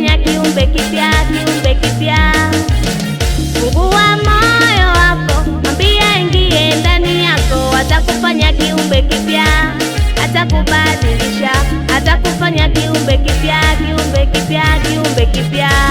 kufanya kiumbe kipya, kiumbe kipya. Fungua moyo wako, mwambie ingie ndani yako, atakufanya kiumbe kipya, atakubadilisha, atakufanya kiumbe kipya, kiumbe kipya, kiumbe kipya.